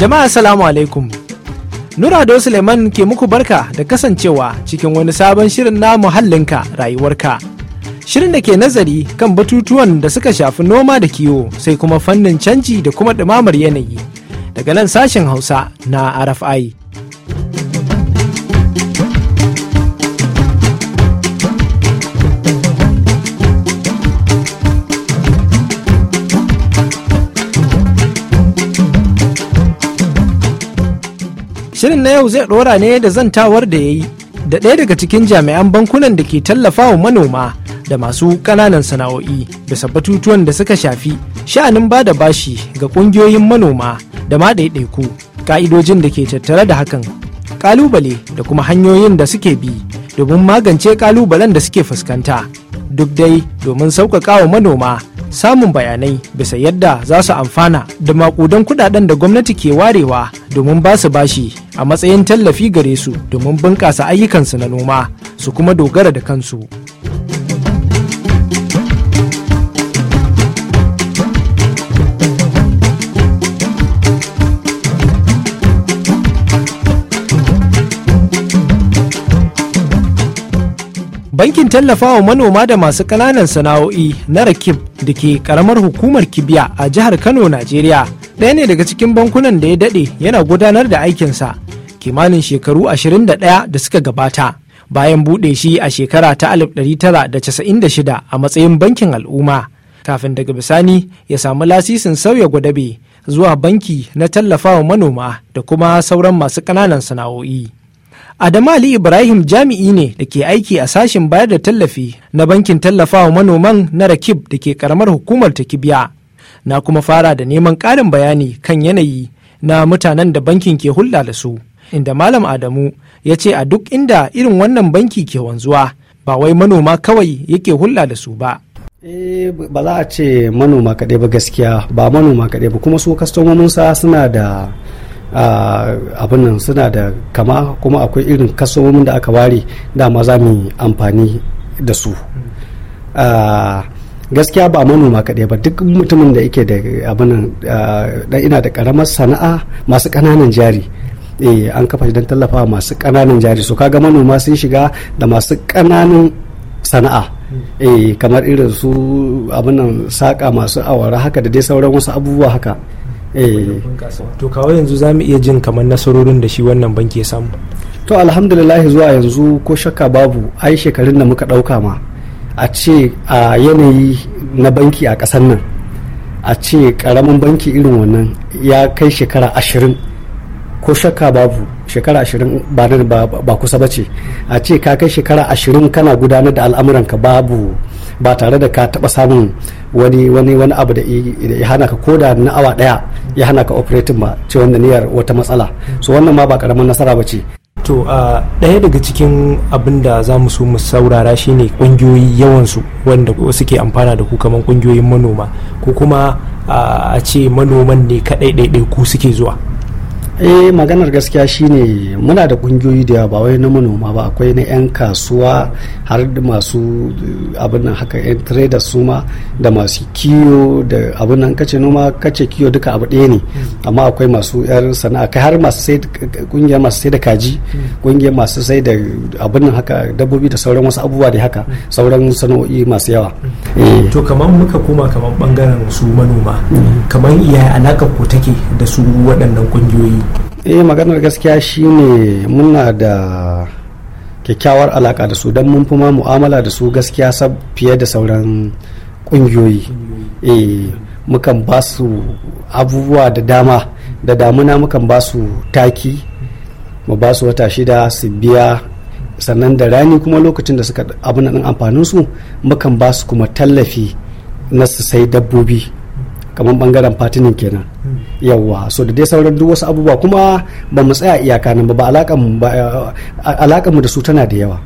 Jama'a salamu alaikum. Nurado Suleiman ke muku barka da kasancewa cikin wani sabon shirin na muhallinka rayuwarka. Shirin da ke nazari kan batutuwan da suka shafi noma da kiwo sai kuma fannin canji da kuma ɗumamar yanayi. Daga nan sashen Hausa na RFI. Shirin na yau zai ɗora ne da zantawar da ya yi da ɗaya daga cikin jami'an bankunan da ke tallafa wa manoma da masu ƙananan sana'o'i da sabbatutuwan da suka shafi sha'anin ba da bashi ga ƙungiyoyin manoma da ma ɗaiɗaiku ƙa'idojin da ke tattare da hakan ƙalubale da kuma hanyoyin da suke bi domin magance ƙalubalen da suke fuskanta duk dai domin sauƙaƙa wa manoma samun bayanai bisa yadda za su amfana da makudan kudaden da gwamnati ke warewa domin ba su bashi a matsayin tallafi gare su domin bunƙasa ayyukansu na noma su kuma dogara da kansu. bankin tallafawa manoma da masu kananan sana'o'i na rakib da ke karamar hukumar kibiya a jihar kano najeriya ɗaya ne daga cikin bankunan da ya daɗe yana gudanar da aikinsa kimanin shekaru 21 da suka gabata bayan buɗe shi a shekara ta 1996 a matsayin bankin al'umma kafin daga bisani ya samu lasisin sauya gwadabe zuwa banki na tallafawa manoma da kuma sauran masu kananan sana'o'i Adamu Ali Ibrahim jami'i ne da ke aiki a sashen bayar da tallafi na bankin tallafawa manoman na Rakib da ke karamar hukumar ta Kibiya. Na kuma fara da neman ƙarin bayani kan yanayi na mutanen da bankin ke hulɗa da su. Inda Malam Adamu ya ce a duk inda irin wannan banki ke wanzuwa ba wai manoma kawai yake hulɗa da su ba. Eh, ba za a ce manoma kaɗai ba gaskiya ba manoma kaɗai ba kuma su kastomominsa suna da abin nan suna da kama kuma akwai irin kasomomin da aka ware dama za mu amfani da su gaskiya ba manoma kaɗai ba duk mutumin da yake da abin nan ina da karamar sana'a masu ƙananan jari eh an kafa don tallafa masu ƙananan jari so kaga manoma sun shiga da masu ƙananan sana'a eh kamar irin su abin nan saƙa masu awara haka da dai sauran wasu abubuwa haka Eh. to kawo yanzu za mu iya jin kamar nasarorin da shi wannan banki ya samu to alhamdulillah zuwa yanzu ko shakka babu ai shekarun da muka ɗauka ma a ce a yanayi na banki a ƙasar nan a ce ƙaramin banki irin wannan ya kai shekara ashirin ko shakka babu shekara ashirin ba nan ba kusa ba ce a ce ka kai shekara ashirin kana gudanar da al'amuranka babu ba tare da ka taba samun wani wani wani abu da ya hana ka koda na awa daya ya hana ka operating ba ce wanda niyyar wata matsala so wannan ma ba karamin nasara ba ce to a daya daga cikin abin da za mu so mu saurara shine yawan yawansu wanda suke amfana da ku kaman kungiyoyin manoma ko kuma a ce manoman ne kaɗai dai ku suke zuwa eh maganar gaskiya shine muna da kungiyoyi da yawa ba wai na manoma ba akwai na 'yan kasuwa har da masu eh, abin nan haka 'yan traders su ma da masu kiyo da abin nan kace noma kace kiyo duka abu ɗaya ne amma akwai masu 'yan sana'a kai har masu sai kungiyar masu sai da kaji kungiyar masu sai da abin nan haka dabbobi da sauran wasu abubuwa da haka sauran sana'o'i masu yawa eh. to kamar muka koma kamar bangaren su manoma mm. kamar iyaye alaka ko take da su waɗannan kungiyoyi eh maganar gaskiya shine muna da kyakkyawar alaka da su don mun fi ma mu'amala da su gaskiya sab fiye da sauran kungiyoyi eh mukan ba su abubuwa da dama da damuna mukan ba su taki mu ba su wata shida su biya sannan da rani kuma lokacin da suka abin amfaninsu su mukan ba su kuma tallafi na su sai dabbobi kamar bangaren fatinin kenan yawwa so da dai sauran duk wasu abubuwa kuma ba mu tsaya iyaka nan ba alakan mu da su tana da yawa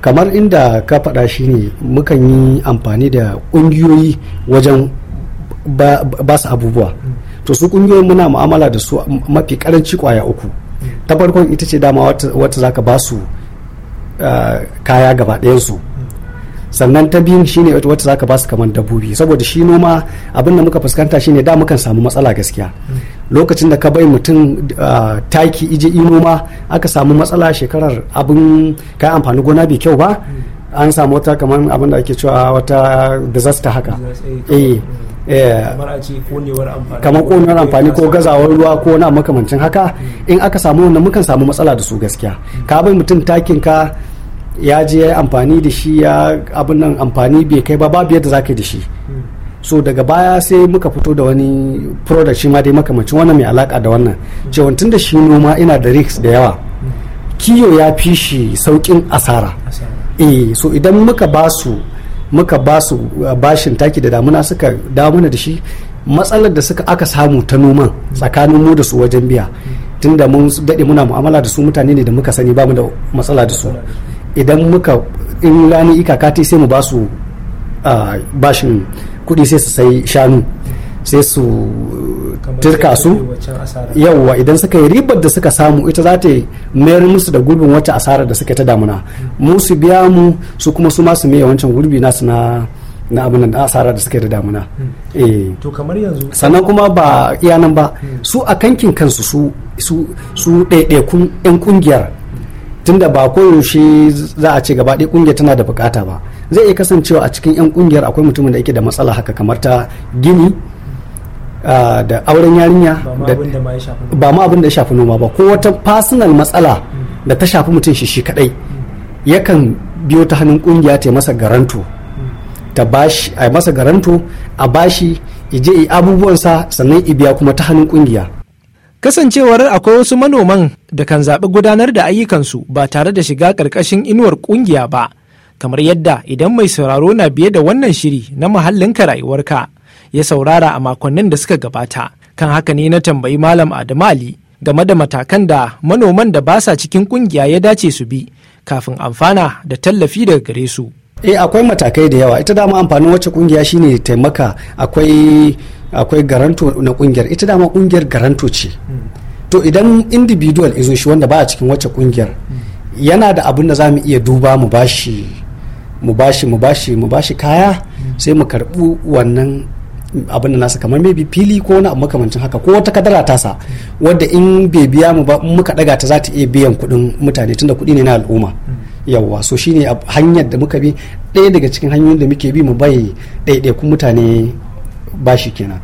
kamar inda ka faɗa shi ne mukan yi amfani da ƙungiyoyi wajen ba su abubuwa to su ƙungiyoyi muna mu'amala da su mafi karanci kwaya uku ta farkon ita ce dama wata za ka ba su ah, kaya gaba su. sannan ta biyun shine wata zaka ba su kamar dabbobi saboda shi noma abin da muka fuskanta shine da mukan samu matsala gaskiya lokacin da ka bai mutum ah, taki ije yi noma aka samu matsala shekarar abin kai amfani gona bai kyau ba an samu wata kamar abin da ake cewa wata disaster haka eh, eh, eh, kamar konewar amfani ko gazawar ruwa ko na makamancin haka in aka samu wanda mukan samu matsala da su gaskiya ka bai mutum takin ka ya je ya amfani da shi ya abin nan amfani bai kai ba babu yadda zaka da shi so daga baya sai muka fito da wani product shi ma dai makamacin wannan mai alaka da wannan cewa tun da shi noma ina da risk da yawa kiyo ya fi shi saukin asara eh so idan muka ba su muka ba su uh, bashin taki da damuna suka damuna da shi matsalar da suka aka samu ta noman tsakanin mu da su wajen biya tunda mun daɗe muna mu'amala da su mutane ne da muka sani ba mu da matsala da su idan muka in rani ikakati sai mu ba su bashin kuɗi sai su sai shanu sai su turka su yawwa idan suka yi ribar da suka samu ita za ta mayar musu da gurbin wacce asarar da suka ta damuna mu su biya mu su kuma su masu mai wancan gurbi nasu na na abin da asara da suka da damuna hmm. eh to kamar yanzu sannan kuma ba iya nan ba hmm. su a kankin kansu su su ɗaiɗaikun yan kungiyar tunda ba koyaushe za a ce gaba ɗaya ƙungiyar tana da bukata ba zai iya kasancewa a cikin 'yan ƙungiyar akwai mutumin da yake da matsala haka kamar ta gini da auren yarinya ba ma abin da ya shafi noma ba ko wata personal matsala da ta shafi mutum shi shi kadai yakan biyo ta hannun ƙungiya ta masa garanto ta bashi a masa garanto a bashi ije abubuwansa sannan ibiya kuma ta hannun ƙungiya kasancewar akwai wasu manoman da kan zaɓi gudanar da ayyukansu ba tare da shiga ƙarƙashin inuwar ƙungiya ba kamar yadda idan mai sauraro na biye da wannan shiri na muhallinka rayuwarka ya saurara a makonnin da suka gabata kan haka ne na tambayi malam adamu ali game da matakan da manoman da ba sa cikin ƙungiya ya dace su bi kafin amfana da tallafi daga gare su eh akwai matakai da yawa ita dama amfanin wacce kungiya shine taimaka akwai akwai garanto na kungiyar ita dama kungiyar garanto ce to idan individual izo shi wanda ba a cikin wacce kungiyar yana da abin da mu iya duba mu bashi mu bashi mu bashi mu bashi kaya sai mu karbu wannan abin da nasa kamar maybe fili ko wani abu makamancin haka ko wata kadara sa wadda in bai biya mu ba muka daga ta za ta iya biyan kuɗin mutane tunda kuɗi ne na al'umma yawwa so shine hanyar da muka bi ɗaya daga cikin hanyoyin da muke bi mu bai ɗaiɗaikun mutane bashi kenan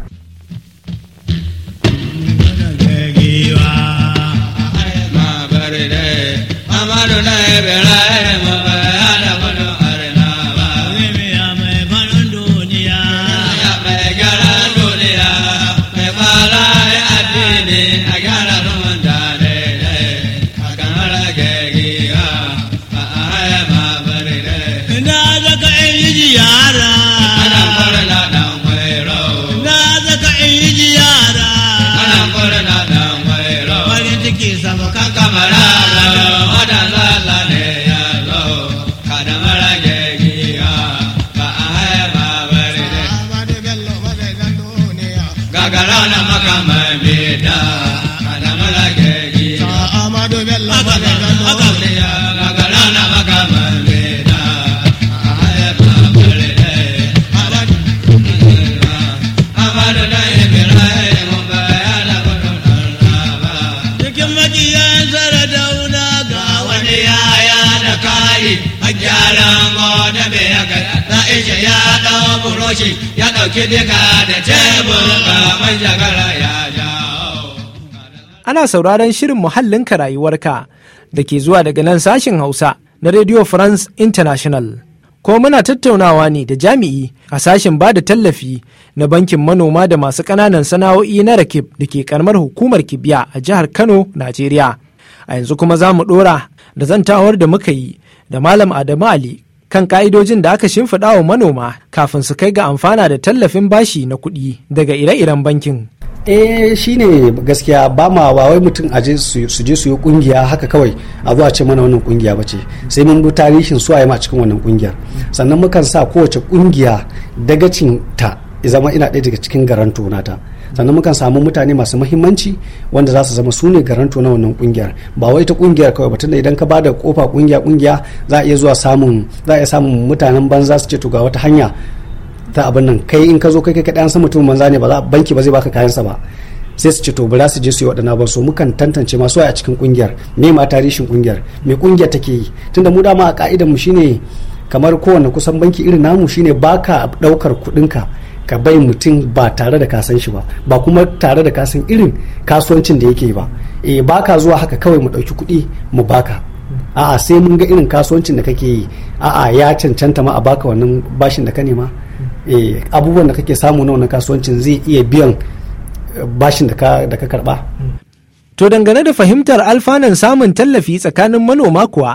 Amado na ebera karana makam beda Ana sauraron shirin muhallinka rayuwarka da ke zuwa daga nan sashen Hausa na Radio France International. Ko muna tattaunawa ne da jami'i a sashen ba da tallafi na bankin manoma da masu ƙananan sana'o'i na rakib da ke karamar hukumar kibiya a jihar Kano, Najeriya. A yanzu kuma za mu ɗora da zantawar da muka yi da Malam Adamu Ali kan ka'idojin da aka shimfiɗa wa manoma kafin su kai ga amfana da tallafin bashi na kuɗi daga ire-iren bankin. eh ne gaskiya ba ma ba wai mutum je su je su yi kungiya haka kawai a zuwa ce mana wannan kungiya ba ce sai mun bi tarihin su a ma cikin wannan kungiyar sannan mukan sa kowace kungiya dagacin ta zama ina ɗaya daga cikin garanto nata sannan mukan samu mutane masu muhimmanci wanda za su zama su ne garanto na wannan kungiyar ba wai ta kungiyar kawai batun da idan ka bada kofa kungiya kungiya za a iya zuwa samun za a iya samun mutanen banza su ce to ga wata hanya ta abin nan kai in ka zo kai kai dan san mutum banza ne ba za banki ba zai baka sa ba sai su ce to bala su je su yi waɗannan ba so mukan tantance masu a cikin kungiyar me ma tarihin kungiyar me kungiyar take yi tunda mu dama a ka'idar mu shine kamar kowane kusan banki irin namu shine baka daukar ɗaukar ka ka bai mutum ba tare da kasan shi ba ba kuma tare da kasan irin kasuwancin da yake ba e ba ka zuwa haka kawai mu ɗauki kuɗi mu baka a'a sai mun ga irin kasuwancin da kake yi a'a ya cancanta ma a baka wannan bashin da ka nema e abubuwan da kake samu na wannan kasuwancin zai iya biyan eh, bashin da ka karba to dangane da fahimtar alfanan samun tallafi tsakanin manoma kuwa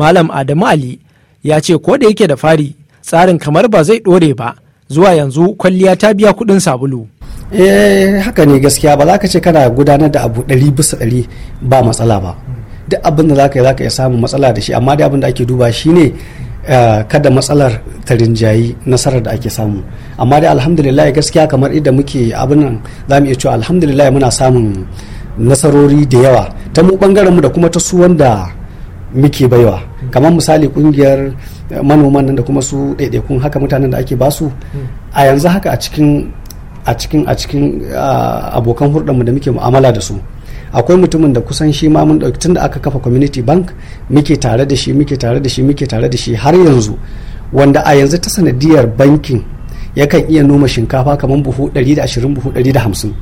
malam adamu ali ya ce ko da yake da fari tsarin kamar ba zai ɗore ba zuwa yanzu kwalliya ta biya kuɗin sabulu. eh haka ne gaskiya ba za ka ce kana gudanar da abu ɗari bisa ɗari ba matsala ba duk abin da za ka yi za ka samu matsala da shi amma dai abin da ake duba shi ne eh, kada matsalar ta rinjayi nasarar da ake samu amma dai alhamdulillah gaskiya kamar idan muke abin nan za mu iya cewa alhamdulillah muna samun nasarori da yawa ta mu bangaren mu da kuma ta su wanda muke baiwa kamar misali kungiyar eh, manoman nan da kuma su ɗaiɗaikun haka mutanen da ake basu a yanzu haka a cikin a cikin a cikin ah, abokan hurɗanmu da muke mu'amala da su akwai mutumin da kusan shi ma mun ɗauki tunda aka kafa community bank muke tare da shi muke tare da shi muke tare da shi har yanzu wanda a yanzu ta sanadiyar bankin yakan iya noma shinkafa kamar buhu 120 buhu 150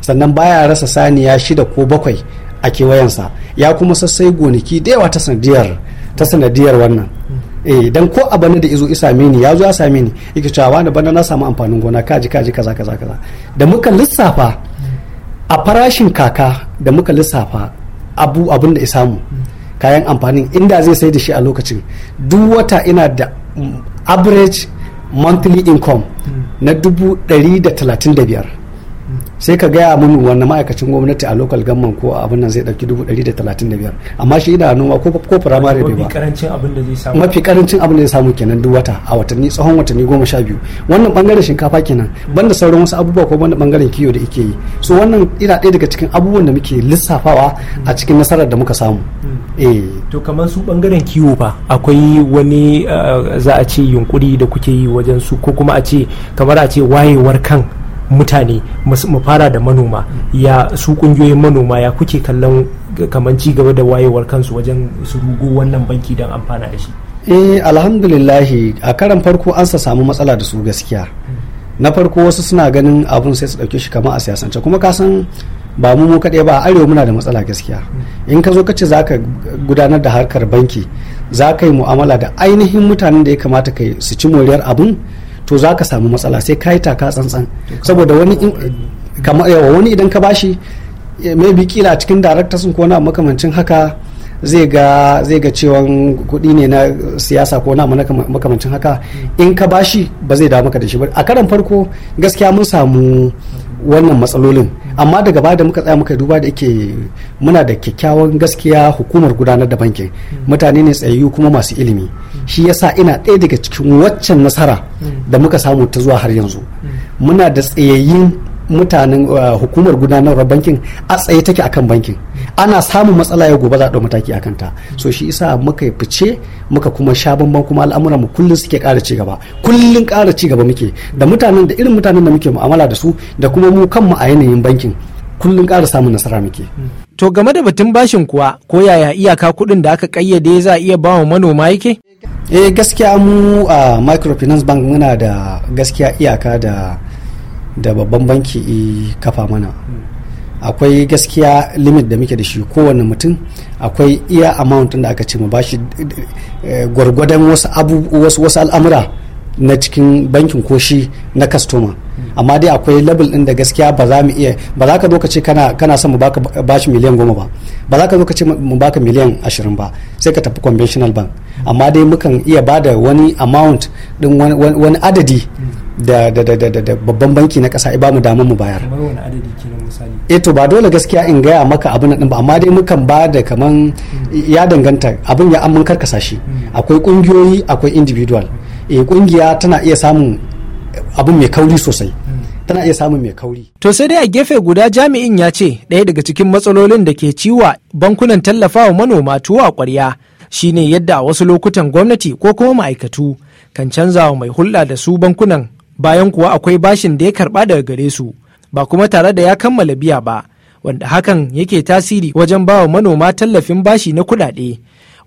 sannan baya rasa saniya shida ko bakwai a kewayensa ya kuma sassai gonaki da yawa ta sanadiyar ta sanadiyar wannan eh dan ko a bana da izo isa mini ya zo ya same ni yake cewa wani bana na samu amfanin gona kaji kaji kaza kaza kaza da muka lissafa a farashin kaka da muka lissafa abu abin da ya samu kayan amfanin inda zai sai da shi a lokacin duk wata ina da average monthly income na dubu ɗari da talatin da biyar sai ka gaya mun wannan ma'aikacin gwamnati a lokal gamman ko abin nan zai dauki dubu dari da talatin da biyar amma shi ina noma ko ko firamare bai ba mafi karancin abin da zai samu kenan duk wata a watanni tsawon watanni goma sha biyu wannan bangaren shinkafa kenan banda sauran wasu abubuwa ko banda bangaren kiyo da ike yi so wannan ina ɗaya daga cikin abubuwan da muke lissafawa a cikin nasarar da muka samu hmm. eh. to kamar su bangaren kiwo fa akwai wani eh, za a ce yunkuri da kuke yi wajen su ko kuma a ce kamar a ce wayewar kan mutane mu fara da manoma ya su kungiyoyin manoma ya kuke kallon kamar ci gaba da wayewar kansu wajen su rugo wannan banki don amfana da shi eh alhamdulillahi a karan farko an sa samu matsala da su gaskiya na farko wasu suna ganin abun sai su dauke shi kamar a siyasance kuma ka san ba mu mu kaɗai ba arewa muna da matsala gaskiya in ka zo kace zaka gudanar da harkar banki za ka yi mu'amala da ainihin mutanen da ya kamata ka su ci moriyar abun to za ka samu matsala sai ka yi taka tsantsan saboda wani kamar yawa wani idan ka bashi eh, maybe kila cikin darakta ko na makamancin haka zai ga zai ga cewan kuɗi ne na siyasa ko na makamancin haka in ka bashi ba zai dawo maka da shi ba a karan farko gaskiya mun samu wannan matsalolin amma daga baya da muka tsaya muka duba da yake muna da kyakkyawan gaskiya hukumar gudanar da bankin mutane ne tsayayyu kuma masu ilimi shi yasa ina ɗaya daga cikin waccan nasara da muka samu ta zuwa har yanzu muna da tsayayyun mutanen uh, hukumar gudanarwar bankin a tsaye take akan bankin ana samun matsala ya gobe za a mataki akan ta so shi isa muka fice muka kuma sha bamban kuma al'amuran mu kullun suke ƙara ci gaba kullum ƙara ci gaba muke da mutanen da irin mutanen da muke mu'amala da su da kuma mu kanmu a yanayin bankin kullum ƙara samun nasara muke. To game da batun bashin kuwa ko yaya iyaka kuɗin da aka ƙayyade za a iya ba wa manoma yake? Eh gaskiya mu a microfinance bank muna da gaskiya iyaka da da babban banki kafa mana akwai gaskiya limit da muke da shi kowane mutum akwai iya amount da aka ce mu bashi eh, gwargwadon wasu abu wasu al'amura na cikin bankin ko shi na customer amma dai akwai level din da gaskiya ba za mu iya ba za ka zo ka ce kana kana son mu baka bashi miliyan goma ba ba za ka zo ka ce mu baka miliyan ashirin ba sai ka tafi conventional bank amma dai mukan iya bada wani amount din wani adadi da babban banki na kasa ba mu damar mu bayar eh ba dole gaskiya in gaya maka abin nan ba amma dai mukan ba da kaman hmm. ya danganta abin ya an kar kasashe hmm. akwai kungiyoyi akwai individual hmm. eh kungiya tana iya samun abin mai kauri sosai tana iya samun mai kauri. To sai dai a gefe guda jami'in ya ce ɗaya daga cikin matsalolin da ke ciwa bankunan tallafawa manoma tuwa a ƙwarya shine yadda a wasu lokutan gwamnati ko kuma ma'aikatu kan canza wa mai hulɗa da su bankunan bayan kuwa akwai bashin da ya karba daga gare su ba kuma tare da ya kammala biya ba wanda hakan yake tasiri wajen bawa manoma tallafin bashi na kudade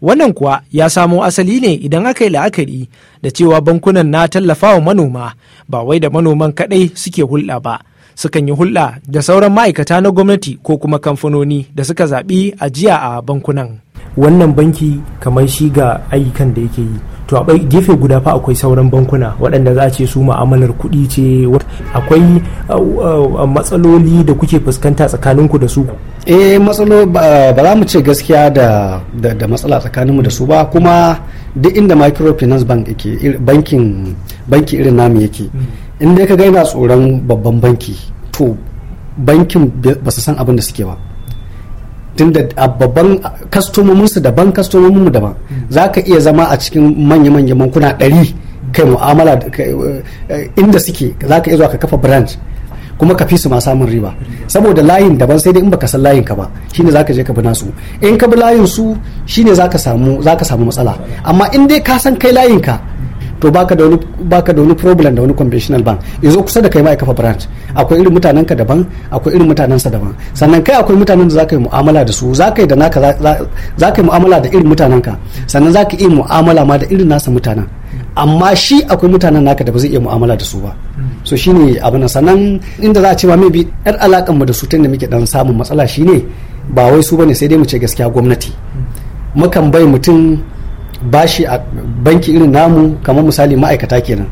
wannan kuwa ya samo asali ne idan aka yi la'akari da cewa bankunan na tallafawa manoma ba wai da manoman kadai suke hulɗa ba sukan yi hulɗa da sauran ma'aikata na gwamnati ko kuma kamfanoni da suka zaɓi ajiya a bankunan. wannan banki kamar shi ga ayyukan da yake yi to a gefe guda fa akwai sauran bankuna waɗanda za a ce su ma'amalar kuɗi ce akwai uh, uh, matsaloli da kuke fuskanta tsakaninku da su eh matsalo ba za mu ce gaskiya da matsala tsakaninmu da su ba kuma duk inda microfinance bank yake banki irin namu yake hmm. in dai ka ga tsoron babban banki to bankin ba su san abin da suke ba tunda a babban kastomomin su daban kastomomin mu daban za ka iya zama a cikin manya-manyan bankuna ɗari kai mu'amala eh, inda suke za ka iya zuwa ka kafa branch kuma ka fi su ma samun riba saboda layin daban sai dai in baka san layin ka ba shine zaka je ka bi nasu in ka bi layin su shine zaka samu samu matsala amma in dai ka san kai layin ka to baka da wani baka da wani problem da wani conventional bank yanzu kusa da kai ma kafa branch akwai irin mutanen ka daban akwai irin mutanen sa daban sannan kai akwai mutanen da zaka yi mu'amala da su zaka yi da naka zaka yi mu'amala da irin mutanen ka sannan zaka yi mu'amala ma da irin nasa mutanen amma shi akwai mutanen naka da ba zai iya mu'amala da su ba so shine abin sannan inda za a ce ma maybe yar alakan mu da su tunda muke dan samun matsala shine ba wai su bane sai dai mu ce gaskiya gwamnati mukan bai mutum bashi a banki irin namu kamar misali ma'aikata kenan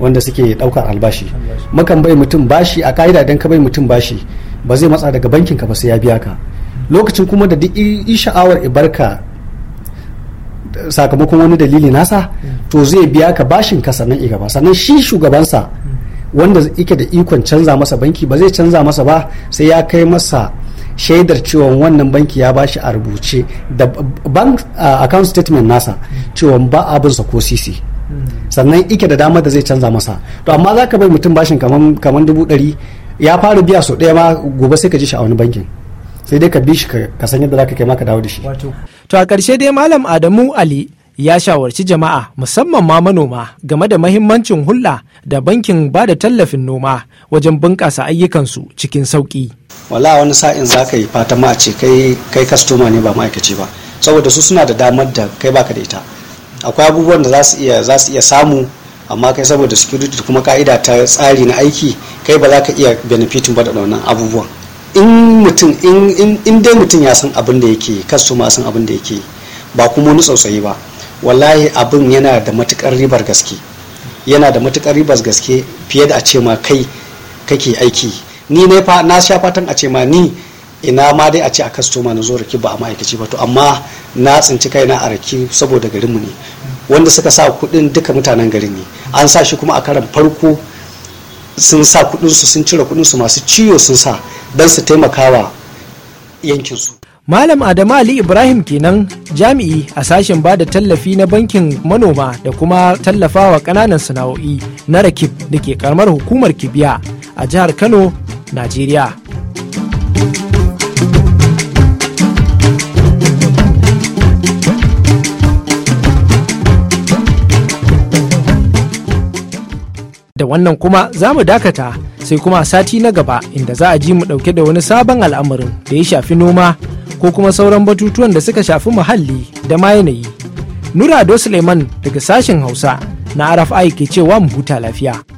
wanda suke daukar albashi makan bai mutum bashi a ka'ida idan ka bai mutum bashi ba zai matsa daga bankin ka ba sai ya biya ka lokacin kuma da duk sha'awar ibarka sakamakon wani dalili nasa to zai biya ka bashin ka sannan igaba sannan shi shugabansa hmm. wanda yake da ikon canza masa banki ba zai canza masa ba sai ya kai masa shaidar cewa wannan banki ya ba shi a rubuce da bank account statement nasa cewa ba abin sa ko sisi sannan ike da damar da zai canza masa to amma zaka bai mutum bashin kaman kaman dubu ɗari ya fara biya sau ɗaya ma gobe sai ka ji shi a wani bankin sai dai ka bi shi ka san yadda zaka kai ma ka dawo da shi to a ƙarshe dai malam Adamu Ali ya shawarci jama'a musamman ma manoma game da mahimmancin hulɗa da bankin ba da tallafin noma wajen bunƙasa ayyukansu cikin sauƙi. wala wani sa'in za ka yi fata ma ce kai kastoma ne ba ma'aikaci ba saboda su suna da damar da kai baka da ita akwai abubuwan da za su iya iya samu amma kai saboda security da kuma ka'ida ta tsari na aiki kai ba za ka iya benefitin ba da wannan abubuwan in mutum in dai mutum ya san abin da yake kastoma san abin da yake ba kuma wani tsautsayi ba wallahi abin yana da matukar ribar gaske yana da matukar ribar gaske fiye da a ce ma kai kake aiki ni ne fa na sha fatan a ce ma ni ina ma dai a ce a kastoma na zo raki ba a ma'aikaci ba to amma na tsinci kaina a raki saboda garinmu ne wanda suka sa kudin duka mutanen garin ne an sa shi kuma a karan farko sun sa kudinsu sun cire kudinsu masu ciwo sun sa don su taimakawa yankinsu Malam Adamu Ali Ibrahim kenan jami'i a sashen ba da tallafi na bankin manoma da kuma tallafawa kananan sana'o'i na rakib da ke karamar hukumar kibiya a jihar Kano, Najeriya. Da wannan kuma za mu dakata sai kuma sati na gaba inda za a ji mu ɗauke da wani sabon al'amarin da ya shafi noma ko kuma sauran batutuwan da suka shafi muhalli da ma yanayi. Nura Ado Suleiman daga sashen Hausa na RFI ke cewa mu huta lafiya.